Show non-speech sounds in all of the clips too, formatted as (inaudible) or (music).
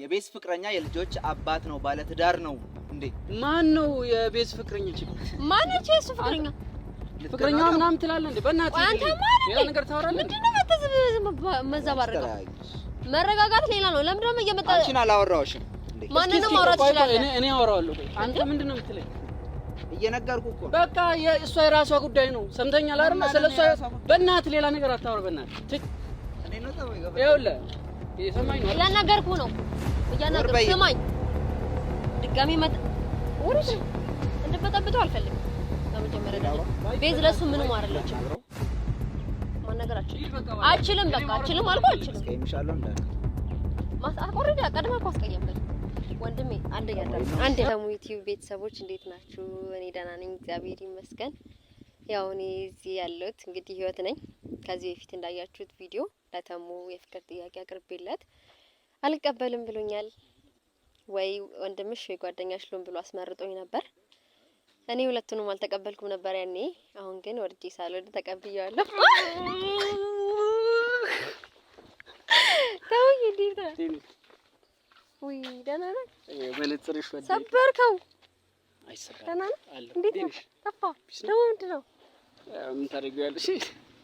የቤዝ ፍቅረኛ የልጆች አባት ነው፣ ባለትዳር ነው። እንዴ ማን ነው የቤዝ ፍቅረኛ? ቺ ማን ነው የሱ ፍቅረኛ? ፍቅረኛ ምናምን ትላለህ እንዴ? በእናትህ አንተ ማለት ሌላ ነገር ታወራለህ። ምንድነው መተዘበዘ መረጋጋት ሌላ ነው። ለምንድን ነው እየመጣ አንቺን አላወራሁሽም እንዴ? ማንን ነው ማውራት ይችላል? እኔ እኔ አወራዋለሁ። አንተ ምንድነው ነው የምትለኝ? እየነገርኩህ እኮ በቃ የእሷ የራሷ ጉዳይ ነው። ሰምተኛል አይደል? ስለሷ በእናትህ ሌላ ነገር አታወራ። በእናትህ ይኸውልህ፣ እየሰማኝ ነው። ያናገርኩህ ነው እያናገርኩህ ስማኝ። ድጋሜ ወርድ እንድበጠብጠው አልፈልግም። በመጀመሪያ ደረጃ ቤዝ ለእሱ ምንም አይደለችም። ማናገር አልችልም አልችልም። በቃ አልችልም አልኩህ አልችልም። አስቆርድ ቀድመህ እኮ አስቀየምከኝ ወንድሜ። አንደኛ አንድ ደግሞ ዩቲዩብ ቤተሰቦች እንዴት ናችሁ? እኔ ደህና ነኝ እግዚአብሔር ይመስገን። ያው እኔ እዚህ ያለሁት እንግዲህ ህይወት ነኝ። ከዚህ በፊት እንዳያችሁት ቪዲዮ ለተሙ የፍቅር ጥያቄ አቅርቤለት አልቀበልም ብሎኛል ወይ ወንድምሽ ወይ ጓደኛሽ ሉን ብሎ አስመርጦኝ ነበር። እኔ ሁለቱንም አልተቀበልኩም ነበር ያኔ። አሁን ግን ወርጄ ሳልወድ ተቀብያለሁ። ተውዬ ዲታ ወይ ደህና ነህ? መነጽርሽ ወዲ ሰበርከው። አይሰራም። ደህና ነህ? እንዴት ነህ? ጠፋ ደግሞ ምንድን ነው? ምን ታደርጊያለሽ?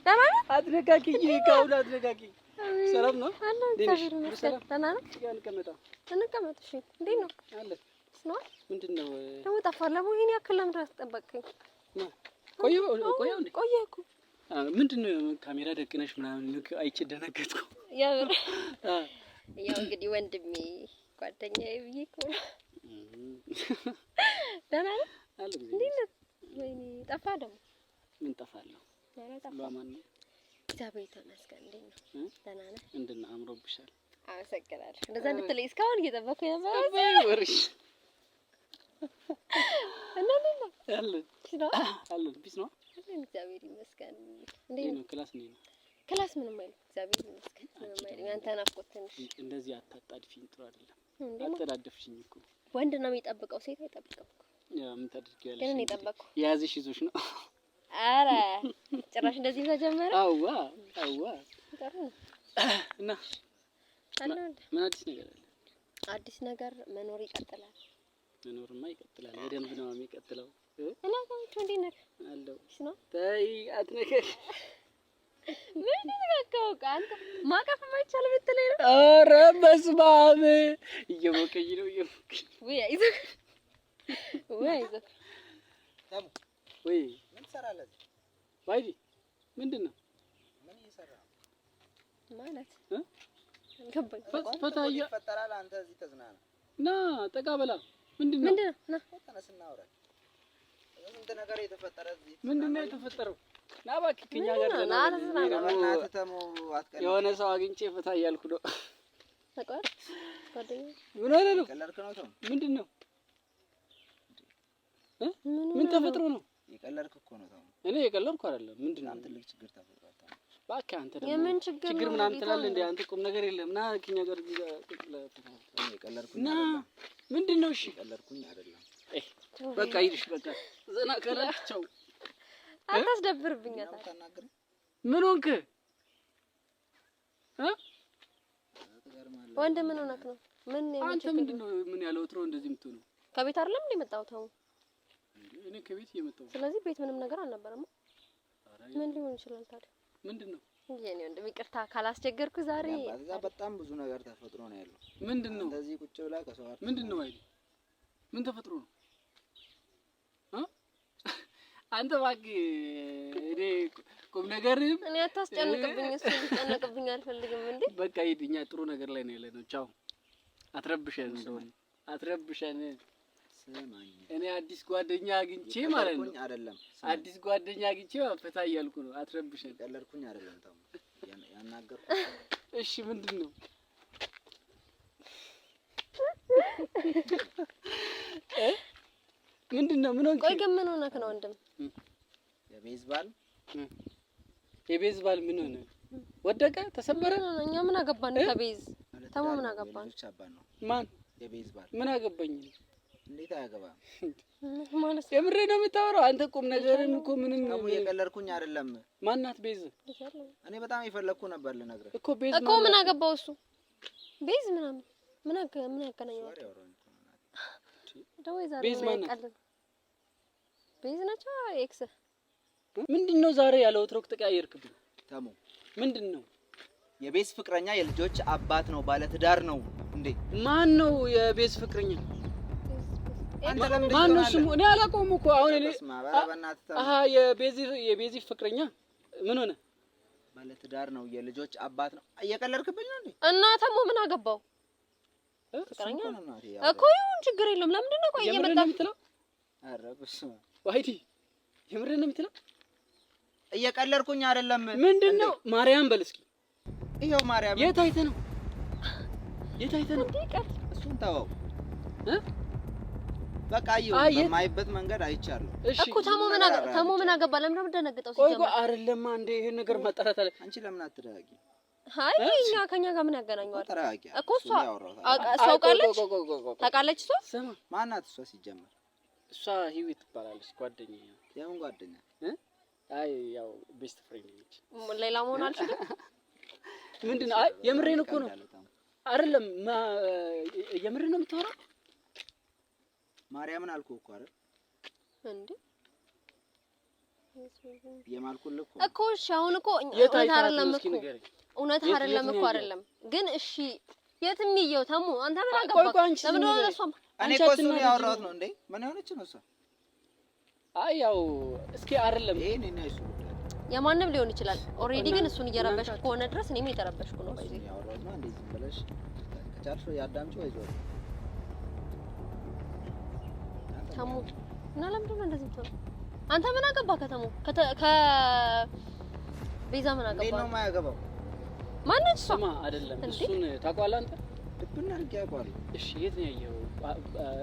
ደህና ነህ? አትነካኪኝ፣ ከአሁን አትነካኪኝ ሰላም ነው አለ እግዚአብሔር ይመስገን። ደህና ነው። እንቀመጥ እንቀመጥ። እሺ እንዴት ነው አለ ነው ምንድን ነው ደግሞ ጠፋህ? ለምን ይሄን ያክል ለምን አስጠበቅከኝ? ቆየሁ ቆየሁ ቆየሁ እኮ ምንድን ነው ካሜራ ደቅነሽ ምናምን አይቼ ደነገጥኩ። ያው እንግዲህ ወንድሜ ጓደኛዬ ብዬ እኮ ነው። ደህና እንዴት ወይኔ ጠፋህ ደግሞ ምን ጠፋለሁ? እግዚአብሔር ይመስገን። እንዴት ነው? ደህና ነህ? እንዴት ነው? አምሮብሻል። አመሰግናለሁ። እንደዛ እንድትለኝ እስካሁን እየጠበኩ የነበረ ወርሽ እግዚአብሔር ይመስገን። እንዴት ነው ክላስ? እንዴት ነው ክላስ? ምንም አይልም። እግዚአብሔር ይመስገን። ምንም አይልም። ያንተ ናፍቆት ትንሽ እንደዚህ አታጣድፊኝ። ጥሩ አይደለም። አጠዳደፍሽኝ እኮ ወንድ ነው የሚጠብቀው፣ ሴት አይጠብቀው። ያ ምን ታድርጊያለሽ? ግን እኔ ጠበቅኩ። የያዘሽ ይዞሽ ነው አረ ጭራሽ እንደዚህ ተጀመረ? አዋ አዋ። እና ምን አዲስ ነገር አለ? አዲስ ነገር መኖር ይቀጥላል። መኖርማ ይቀጥላል። በደንብ ነው የሚቀጥለው። እና ሰምቹ እንዴት ነህ? እሺ ነው ታይ አትነከሽ ምን ይነካውቃ አንተ ማቀፍ የማይቻል ብትለኝ ነው። ኧረ በስመ አብ እየሞቀኝ ነው እየሞቀኝ ወይ አይዞህ ወይ አይዞህ ወይ ትሰራለህ? ባይዲ ምንድን ነው ምን እየሰራ ማለት ፈታያ ይፈጠራል። አንተ እዚህ ተዝናና በላ። ምንድን ነው ምንድን ነው? ነገር የተፈጠረ እዚህ ምንድን ነው የተፈጠረው? ና እባክህ ከኛ ጋር የሆነ ሰው አግኝቼ ፈታ እያልኩ ነው። ምን ነው? ምንድን ነው? ምን ተፈጥሮ ነው? የቀለድክ እኮ ነው ታሙ። እኔ የቀለድኩ አይደለም። ምንድን ነው ትልቅ ችግር ተፈጥሯል። ታሙ እባክህ አንተ ደግሞ የምን ችግር ችግር ምናምን ትላለህ እንዴ? አንተ ቁም ነገር የለም። ና ከኛ ጋር የቀለድኩኝ አይደለም። ምንድን ነው እሺ? የቀለድኩኝ አይደለም። በቃ ይልሽ በቃ ዘና ከላቸው አታስደብርብኛል። ምን ሆንክ ወንድ ምን ሆነክ ነው? ምን አንተ ምንድን ነው ምን ያለው ትሮ እንደዚህ የምትሆነው ከቤት አይደለም እንዴ የመጣሁት አሁን እኔ ከቤት እየመጣሁ ስለዚህ ቤት ምንም ነገር አልነበረም። ምን ሊሆን ይችላል ታዲያ? ምንድን ነው የኔ ወንድም፣ ይቅርታ ካላስቸገርኩ። ዛሬ እዛ በጣም ብዙ ነገር ተፈጥሮ ነው ያለው። ምንድን ነው እንደዚህ ቁጭ ብላ ከሰው ጋር ምንድን ነው አይደል? ምን ተፈጥሮ ነው? (laughs) አንተ እባክህ እኔ ቁም ነገርም እኔ አታስጨንቅብኝ። እሱ እንዲጨነቅብኝ አልፈልግም። እንዴ በቃ ሂድ፣ እኛ ጥሩ ነገር ላይ ነው ያለነው። ቻው፣ አትረብሸን እንደሆነ አትረብሸን እኔ አዲስ ጓደኛ አግኝቼ ማለት ነው። አይደለም አዲስ ጓደኛ አግኝቼ ፈታ እያልኩ ነው። አትረብሸን። ቀለድኩኝ አይደለም። ታው ያናገርኩ። (laughs) እሺ ምንድን ነው? (laughs) ምንድን ነው? ምን ሆንክ? ቆይ ግን ምን ሆነክ ነው ወንድም? የቤዝባል የቤዝባል ምን ሆነ? ወደቀ? ተሰበረ? እኛ ምን አገባን? ከቤዝ ተማ ምን አገባን? ማን የቤዝባል ምን አገባኝ? እንዴት አያገባም ማለት የምሬ ነው የምታወራው አንተ። ቁም ነገርም እኮ ምንም ነው የቀለድኩኝ አይደለም። ማናት ቤዝ? እኔ በጣም የፈለግኩ ነበር ልነግርህ እኮ ቤዝ እኮ ምን አገባው እሱ ቤዝ ምናምን ምን አገ ምን ቤዝ ማናት? ቤዝ ናቸው ኤክስ ምንድን ነው ዛሬ ያለ ወትሮክ ተቀያየርክብኝ? ተሙ ምንድን ነው የቤዝ ፍቅረኛ የልጆች አባት ነው፣ ባለትዳር ነው። እንዴ ማን ነው የቤዝ ፍቅረኛ? ማነው ስሙ? እኔ አላውቀውም እኮ አሁን እኔ አሀ የቤዚ የቤዚ ፍቅረኛ ምን ሆነ? ባለትዳር ነው፣ የልጆች አባት ነው። እየቀለድክብኝ ነው እንዴ? እና ምን አገባው? ፍቅረኛ እኮ ይሁን ችግር የለውም። ለምንድን ነው ቆይ እየመጣ የምትለው? ኧረ በስመ አብ ዋይዲ፣ የምሬን ነው የምትለው? እየቀለድኩኝ አይደለም። ምንድን ነው ማርያም በል እስኪ። ይኸው ማርያም የት አይተህ ነው? የት አይተህ ነው? እሱን ተወው እ በቃ የማይበት መንገድ አይቻልም እኮ ታሞ ምን አገባ ታሞ ምን አገባ ለምን ነው የምትደነግጠው ሲጀምር አይደለም አንዴ ይሄን ነገር መጠራት አለ አንቺ ለምን አትደረጊ አይ እኛ ከኛ ጋር ምን ያገናኘዋል እኮ እሷ አውቃለች ታውቃለች እሷ ማናት እሷ ሲጀምር እሷ ህይወት ትባላለች ጓደኛዬ ያው ጓደኛ አይ ያው ቤስት ፍሬንድ ነች ሌላ መሆን አልችልም ምንድን ነው አይ የምሬን እኮ ነው አይደለም የምሬን ነው የምታወራው ማርያምን አልኩ እኮ አይደል እንዴ? የማልኩል ልኩ እኮ እሺ። አሁን እኮ እውነት አይደለም እኮ እውነት አይደለም እኮ አይደለም ግን እሺ። የትም ይየው ተሙ አንተ ምን አገባህ? ለምን ነው እሷ እኔ እኮ እሱን ያወራሁት ነው እንዴ? ምን ሆነች ነው እሷ? አይ ያው እስኪ አይደለም ይሄ እኔ ነው እሱ የማንም ሊሆን ይችላል። ኦሬዲ ግን እሱን እየረበሽኩ ከሆነ ድረስ እኔም እየተረበሽኩ ነው። ባይዘ ያወራሁት ነው እንዴ? ዝም ብለሽ ከቻልሽ ያዳምጪው አይዞህ ተሙ እና ለምንድን ነው እንደዚህ የምትሆነው? አንተ ምን አገባ? ከተሙ ከቤዛ ምን አገባ? ነው የማያገባው ማነች? እሷ አይደለም እሱን ታውቀዋለህ አንተ ልብና አድርጌ አውቀዋለሁ። እሺ የት ነው ያየኸው?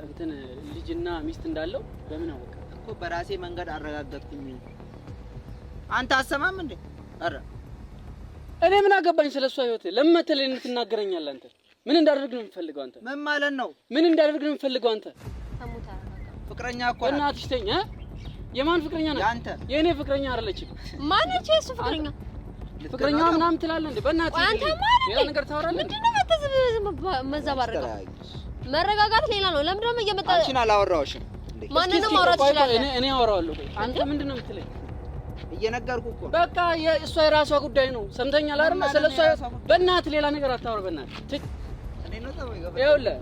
እንትን ልጅና ሚስት እንዳለው በምን አወቀ እኮ? በራሴ መንገድ አረጋገጥኩኝ። አንተ አሰማም እንዴ? አረ እኔ ምን አገባኝ ስለሷ ህይወት? ለምን መተህ ልትናገረኛለህ? አንተ ምን እንዳደርግ ነው የምፈልገው? አንተ ምን ማለት ነው? ምን እንዳደርግ ነው የምፈልገው አንተ ፍቅረኛ እኮ እናትሽ ተኝ። የማን ፍቅረኛ ናት? ያንተ። የእኔ ፍቅረኛ አይደለችም። ማነች የእሱ ፍቅረኛ? ፍቅረኛዋ ምናምን ትላለህ እንዴ? በእናትህ አንተ ማለት ሌላ ነገር ታወራለህ። ምንድነው መተዝመዘባረቀ መረጋጋት ሌላ ነው። ለምንድን ነው እየመጣ አንቺን አላወራሁሽም። ማንንም ማውራት ይችላል። እኔ እኔ አወራዋለሁ። አንተ ምንድነው የምትለኝ? እየነገርኩ እኮ በቃ የእሷ የራሷ ጉዳይ ነው። ሰምተኛል አይደል? ስለሷ በእናትህ ሌላ ነገር አታወራ። በእናትህ ይኸውልህ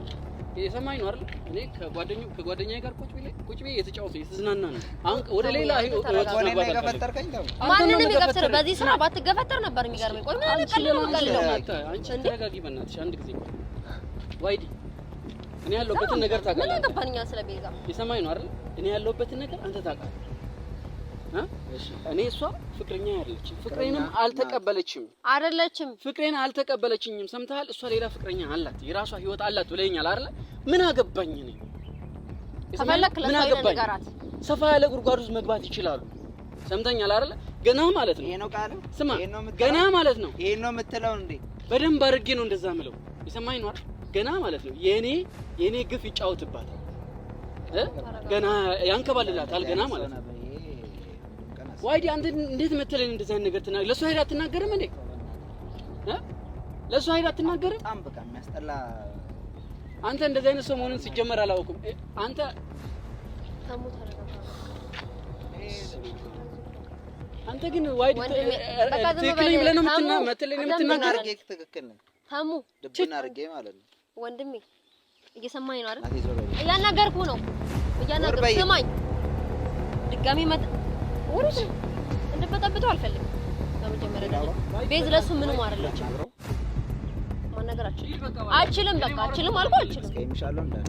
የሰማኝ ነው አይደል? እኔ ከጓደኛው ከጓደኛዬ ጋር ቁጭ ብዬ ቁጭ ብዬ የተጫወተ የተዝናና ነው። አሁን ወደ ሌላ ህይወት ማንንም የገፈተረ በዚህ ስራ ባትገፈተር ነበር የሚገርመኝ። ቆይ ምን አለቀለ ነው ቀልለው። አንቺ ተረጋጊ በእናትሽ አንድ ጊዜ ዋይዲ እኔ ያለሁበትን ነገር ታውቃለህ። ምን አገባኝ ስለ ቤዛ። የሰማኝ ነው አይደል? እኔ ያለሁበትን ነገር አንተ ታውቃለህ። እኔ እሷ ፍቅረኛ ያለች ፍቅሬንም አልተቀበለችም፣ አይደለችም ፍቅሬን አልተቀበለችኝም። ሰምተሃል? እሷ ሌላ ፍቅረኛ አላት፣ የራሷ ህይወት አላት ብለኛል አይደለ? ምን አገባኝ ነኝ ከፈለክ ሰፋ ያለ ጉድጓድ ውስጥ መግባት ይችላሉ። ሰምተኛል አይደለ? ገና ማለት ነው። ይሄ ነው ቃል። ስማ፣ ገና ማለት ነው። ይሄ ነው የምትለው እንዴ? በደንብ አድርጌ ነው እንደዛ ምለው። የሰማኝ ነው አይደል? ገና ማለት ነው። የኔ የኔ ግፍ ይጫወትባታል፣ ገና ያንከባልላታል። ገና ማለት ነው ዋይዲ አንተ እንዴት መተለን እንደዛ ነገር ተናገር። ለእሱ ሀይድ አትናገርም እንዴ? ለሱ ሀይድ አትናገርም። በጣም በቃ የሚያስጠላ አንተ እንደዛ አይነት ሰው መሆንን ሲጀመር አላውቅም። አንተ አንተ ግን ዋይዲ ትክክለኝ ብለህ ነው የምትናገር? ትክክል ነህ ታሙ፣ ድብን አድርጌ ማለት ነው ወንድሜ። እየሰማኝ ነው አይደል? እያናገርኩ ነው እያናገርኩ ስማኝ ድጋሚ መጣ ወርድ እንድበጠብጠው አልፈልግም። በመጀመሪያ ደረጃ ቤዝ ለሱ ምንም አይደለችም። ማናገር አልችልም በቃ አልችልም አልኩህ አልችልም። እስከምሻለው እንዳለ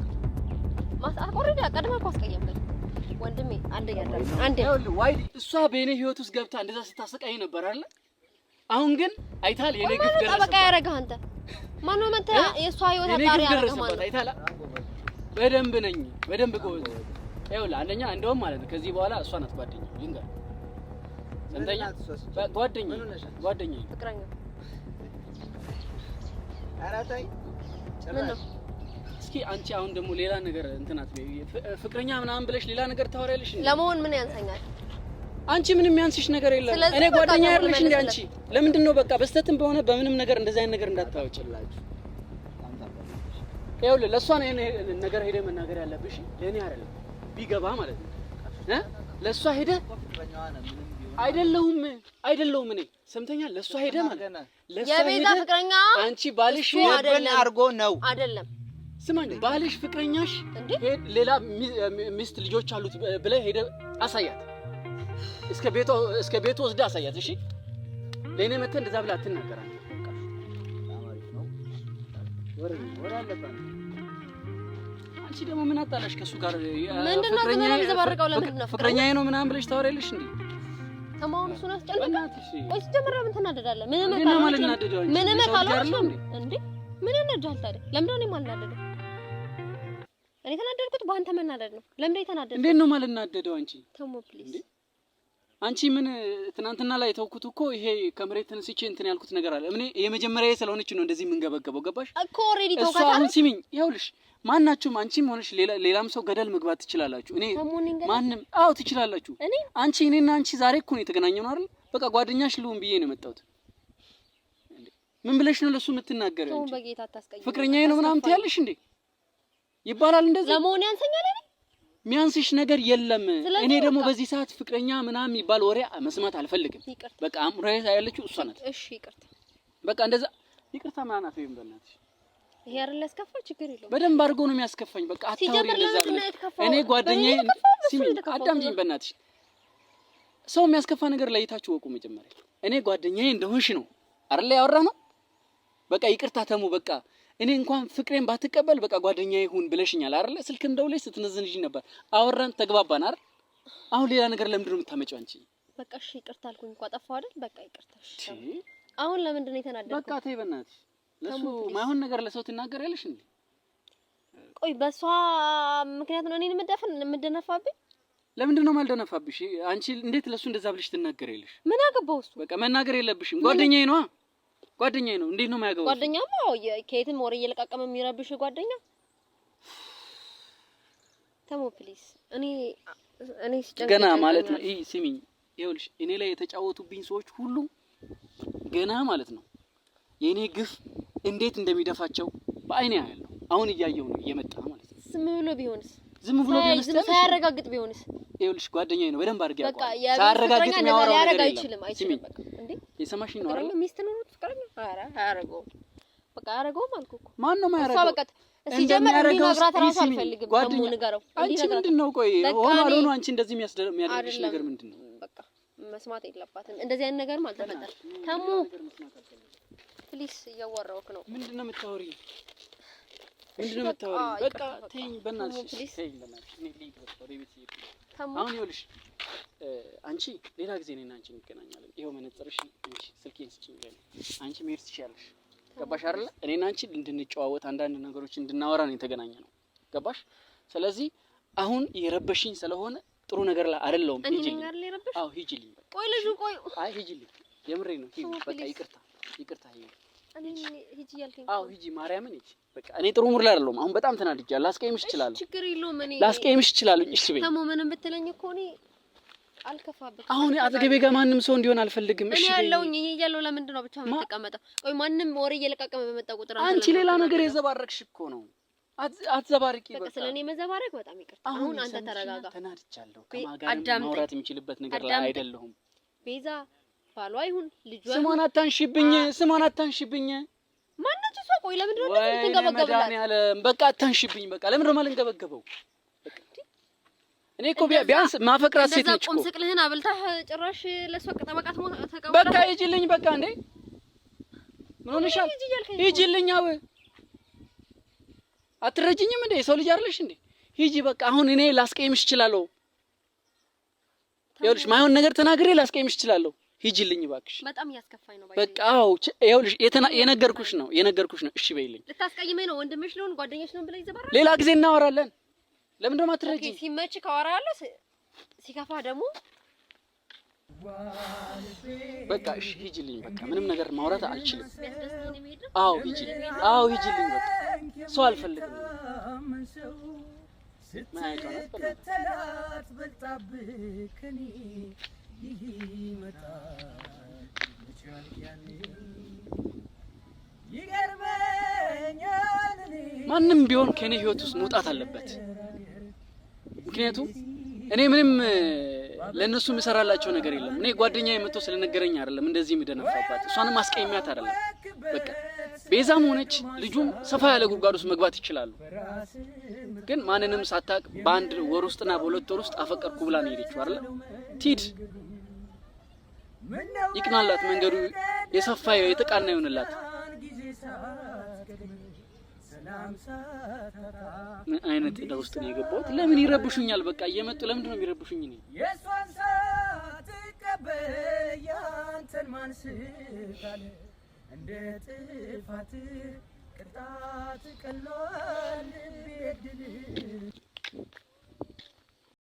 እኮ አስቀየምከኝ ወንድሜ። አንዴ አንዴ ዋይ እሷ በኔ ህይወት ውስጥ ገብታ እንደዛ ስታሰቃይ ነበር አይደል? አሁን ግን አይታል የኔ ግፍ ደረሰ። በቃ ያረጋህ አንተ ማን ነው? መጣ የእሷ ህይወት አጣሪ ያረጋህ ማለት አይታል። በደንብ ነኝ በደንብ ጎበዝ ይኸውልህ አንደኛ እንደውም ማለት ነው ከዚህ በኋላ እሷ ናት ጓደኛ ይንገር ስንተኛ ጓደኛ ጓደኛ ፍቅረኛ አራታይ ጭራሽ እስኪ አንቺ አሁን ደግሞ ሌላ ነገር እንትናት ፍቅረኛ ምናምን ብለሽ ሌላ ነገር ታወሪያለሽ እንዴ? ለመሆን ምን ያንሰኛል? አንቺ ምንም የሚያንስሽ ነገር የለም። እኔ ጓደኛ ያለሽ እንዴ አንቺ? ለምንድን ነው በቃ በስተትም በሆነ በምንም ነገር እንደዚህ አይነት ነገር እንዳታወጭላችሁ። ይኸውልህ ለእሷ ነው ነገር ሄደ መናገር ያለብሽ ለእኔ አይደለም። ቢገባ ማለት ነው እ ለእሷ ሄደህ አይደለሁም አይደለሁም እኔ ሰምተኛል። ለእሷ ሄደ ማለት ነው የቤዛ ፍቅረኛ አንቺ ባልሽ የበን አድርጎ ነው አይደለም ስማኝ ባልሽ ፍቅረኛሽ ሌላ ሚስት ልጆች አሉት ብለህ ሄደ አሳያት። እስከ ቤቶ እስከ ቤቶ ወስደህ አሳያት። እሺ ለእኔ መተህ እንደዛ ብለህ አትናገራለህ። አንቺ ደግሞ ምን አጣላሽ ከሱ ጋር? ምንድነው ነው ዝም ብላ የሚዘባርቀው? ለምንድን ነው ፍቅረኛዬ ነው ምናምን ብለሽ ታወሪያለሽ እንዴ? ከመሆኑ እሱን አስጨንቀን ወይስ ጀምራ ምን ትናደዳለህ? ምንም ምን ምን ምን እንዴ እናደዳል ታዲያ? ለምን ነው የማልናደደው? እኔ የተናደድኩት በአንተ መናደድ ነው። ለምን ነው የተናደድኩት? እንዴ ነው የማልናደደው? አንቺ ተሞ ፕሊዝ አንቺ ምን ትናንትና ላይ ተውኩት እኮ ይሄ ከመሬት ተነስቼ እንትን ያልኩት ነገር አለ። እኔ የመጀመሪያ ስለሆነች ነው እንደዚህ የምንገበገበው። ገባሽ እኮ ኦልሬዲ ተውካታ። አሁን ሲሚኝ ይኸውልሽ፣ ማናችሁም አንቺም ሆነሽ ሌላም ሰው ገደል መግባት ትችላላችሁ። እኔ ማንም፣ አዎ ትችላላችሁ። አንቺ እኔና አንቺ ዛሬ እኮ ነው የተገናኘው አይደል? በቃ ጓደኛሽ ልሁን ብዬ ነው የመጣሁት። ምን ብለሽ ነው ለሱ የምትናገረው? ፍቅረኛዬ ነው ምናምን ትያለሽ እንዴ? ይባላል እንደዚህ ለመሆን ያንሰኛል እኔ ሚያንስሽ ነገር የለም። እኔ ደግሞ በዚህ ሰዓት ፍቅረኛ ምናምን የሚባል ወሬ መስማት አልፈልግም። በቃ አምሮዬ ያለችው እሷ ናት። እሺ ይቅርታ፣ በቃ እንደዛ ይቅርታ ምናምን አትበይም በእናትሽ። ይሄ አይደል ያስከፋ፣ ችግር የለውም። በደንብ አድርጎ ነው የሚያስከፋኝ። በቃ አታውሪ እንደዛ። እኔ ጓደኛዬ ሲሚ አዳምጪኝ በእናትሽ። ሰው የሚያስከፋ ነገር ለይታችሁ ወቁ መጀመሪያ። እኔ ጓደኛዬ እንደሆንሽ ነው አይደል ያወራ ነው። በቃ ይቅርታ ተሙ በቃ እኔ እንኳን ፍቅሬን ባትቀበል በቃ ጓደኛ ይሁን ብለሽኛል አይደለ? ስልክም ደውለሽ ስትነዝንዥ ነበር። አወራን፣ ተግባባን አይደል? አሁን ሌላ ነገር ለምንድን ነው የምታመጪው አንቺ? በቃ እሺ ይቅርታ አልኩኝ እኮ አጠፋሁ አይደል? በቃ ይቅርታ። እሺ አሁን ለምንድን ነው የተናደድኩት? በቃ ተይ በእናትሽ። ለሱ ማይሆን ነገር ለሰው ትናገር ትናገሪያለሽ እንዴ? ቆይ በሷ ምክንያት ነው እኔን የምደፍን የምደነፋብኝ? ለምንድን ነው የማልደነፋብሽ? አንቺ እንዴት ለሱ እንደዛ ብለሽ ትናገር ትናገሪያለሽ? ምን አገባው እሱ? በቃ መናገር የለብሽም ጓደኛዬ ነዋ። ጓደኛዬ ነው። እንዴት ነው የማያገባው? ጓደኛማ ከየትም ወሬ እየለቃቀመ የሚረብሽ ጓደኛ ተሞ ፕሊስ። እኔ እኔ ሲጨንቅ ገና ማለት ነው። ይሄ ስሚኝ፣ ይኸውልሽ እኔ ላይ የተጫወቱብኝ ሰዎች ሁሉ ገና ማለት ነው የእኔ ግፍ እንዴት እንደሚደፋቸው በአይኔ ያለው አሁን እያየሁ ነው እየመጣ ማለት ነው። ዝም ብሎ ቢሆንስ? ዝም ብሎ ቢሆንስ? ሳያረጋግጥ ቢሆንስ? ይኸውልሽ ጓደኛዬ ነው፣ በደንብ አድርጌ ያውቀዋል። ሳያረጋግጥ የሚያወራው ነገር የለም። የሰማሽኝ ነው አይደል? ሚስት ነው ፍቅረኛ ኧረ አያደርገውም። በቃ አያደርገውም አልኩህ እኮ ማን ነው የማያደርገው? በቃ ሲጀመር እንዲነግራት እራሱ አልፈልግም። ደግሞ ንገረው። አንቺ ምንድን ነው ቆይ ሆኖ አልሆኑ አንቺ እንደዚህ የሚያደርግሽ ነገር ምንድን ነው? በቃ መስማት የለባትም እንደዚህ አይነት ነገርም አልተፈጠረም። ተሙ ፕሊስ፣ እያወራሁህ ነው። ምንድን ነው የምታወሪኝ? ምንድን ነው የምታወሪኝ? በቃ ተይኝ በእናትሽ። አሁን ይኸውልሽ አንቺ ሌላ ጊዜ እኔና አንቺ እንገናኛለን። ይኸው መነጽርሽ እንጂ ስልኬን ስጭኝ ይላል። አንቺ መሄድ ትችያለሽ። ገባሽ አይደለ? እኔና አንቺ እንድንጨዋወት አንዳንድ ነገሮች እንድናወራ ነው የተገናኘ ነው። ገባሽ? ስለዚህ አሁን የረበሽኝ ስለሆነ ጥሩ ነገር ላይ አይደለሁም። ሂጂልኝ። ሂጂልኝ። ቆይ ልጁ ቆይ። አይ ሂጂልኝ፣ የምሬ ነው። በቃ። ይቅርታ ይቅርታ። ሂጂ አዎ ሂጂ፣ ማርያምን ሂጂ በቃ። እኔ ጥሩ ሙድ ላይ አይደለሁም አሁን። በጣም ተናድጃለሁ። ላስቀይምሽ እችላለሁ። ችግር የለውም። እኔ ላስቀይምሽ እችላለሁ። እሺ በይ። ተሞ ምንም ብትለኝ እኮ እኔ አልከፋበት አሁን አጠገቤ ጋር ማንም ሰው እንዲሆን አልፈልግም። እሺ ያለውኝ እኔ እያለሁ ለምንድን ነው ብቻ የምትቀመጠው? ቆይ ማንም ወሬ እየለቃቀመ በመጣ ቁጥር አንቺ ሌላ ነገር የዘባረቅሽ እኮ ነው። አትዘባርቂ። በቃ ስለኔ መዘባረቅ በጣም ይቅርታ። አሁን አንተ ተረጋጋ። ተናድቻለሁ። ከማጋር ማውራት የሚችልበት ነገር ላይ አይደለሁም። ቤዛ ባሏ ይሁን ልጇ ስሟን አታንሺብኝ፣ ስሟን አታንሺብኝ። ማናችሁ ሰው ቆይ ለምንድን ነው ልትንገበገብላት? በቃ አታንሺብኝ። በቃ ለምንድን ነው የማልንገበገበው? እኔ እኮ ቢያንስ ማፈቅራት ሴት ነች እኮ ቁም ስቅልህን አብልታህ ጭራሽ ለሷ ቀጠበቃት ሞት ተቀበለ። በቃ ይጅልኝ፣ በቃ እንዴ ምን ሆነሻል? ይጅልኝ። አው አትረጅኝም እንዴ? የሰው ልጅ አይደለሽ እንዴ? ሂጂ በቃ። አሁን እኔ ላስቀይምሽ እችላለሁ። ይኸውልሽ ማይሆን ነገር ተናግሬ ላስቀይምሽ እችላለሁ። ሂጂልኝ እባክሽ። በጣም እያስከፋኝ ነው። በቃ አዎ፣ ይኸውልሽ የነገርኩሽ ነው የነገርኩሽ ነው። እሺ በይልኝ። ልታስቀይመኝ ነው? ወንድምሽ ልሆን ጓደኛሽ ልሆን ብለህ ይዘባራል። ሌላ ጊዜ እናወራለን። ለምን እንደውም አትረጂ። ሲመች ካወራለሁ፣ ሲከፋ ደግሞ በቃ እሺ፣ ሂጂልኝ። በቃ ምንም ነገር ማውራት አልችልም። አዎ ሂጂ፣ አዎ ሂጂልኝ። በቃ ሰው አልፈልግም። ማንም ቢሆን ከኔ ህይወት ውስጥ መውጣት አለበት። ምክንያቱም እኔ ምንም ለእነሱ የምሰራላቸው ነገር የለም። እኔ ጓደኛ የመቶ ስለነገረኝ አይደለም እንደዚህ የምደነፋባት፣ እሷንም አስቀይሚያት አይደለም። በቃ ቤዛም ሆነች ልጁም ሰፋ ያለ ጉድጓድ ውስጥ መግባት ይችላሉ። ግን ማንንም ሳታቅ በአንድ ወር ውስጥና በሁለት ወር ውስጥ አፈቀርኩ ብላ ነው ሄደችው አለ ቲድ ይቅናላት፣ መንገዱ የሰፋ የተቃና ይሆንላት። ምን አይነት እዳ ውስጥ ነው የገባሁት? ለምን ይረብሹኛል? በቃ እየመጡ ለምንድን ነው የሚረብሹኝ? እኔ የእሷን እንደ ጥፋት ቅጣት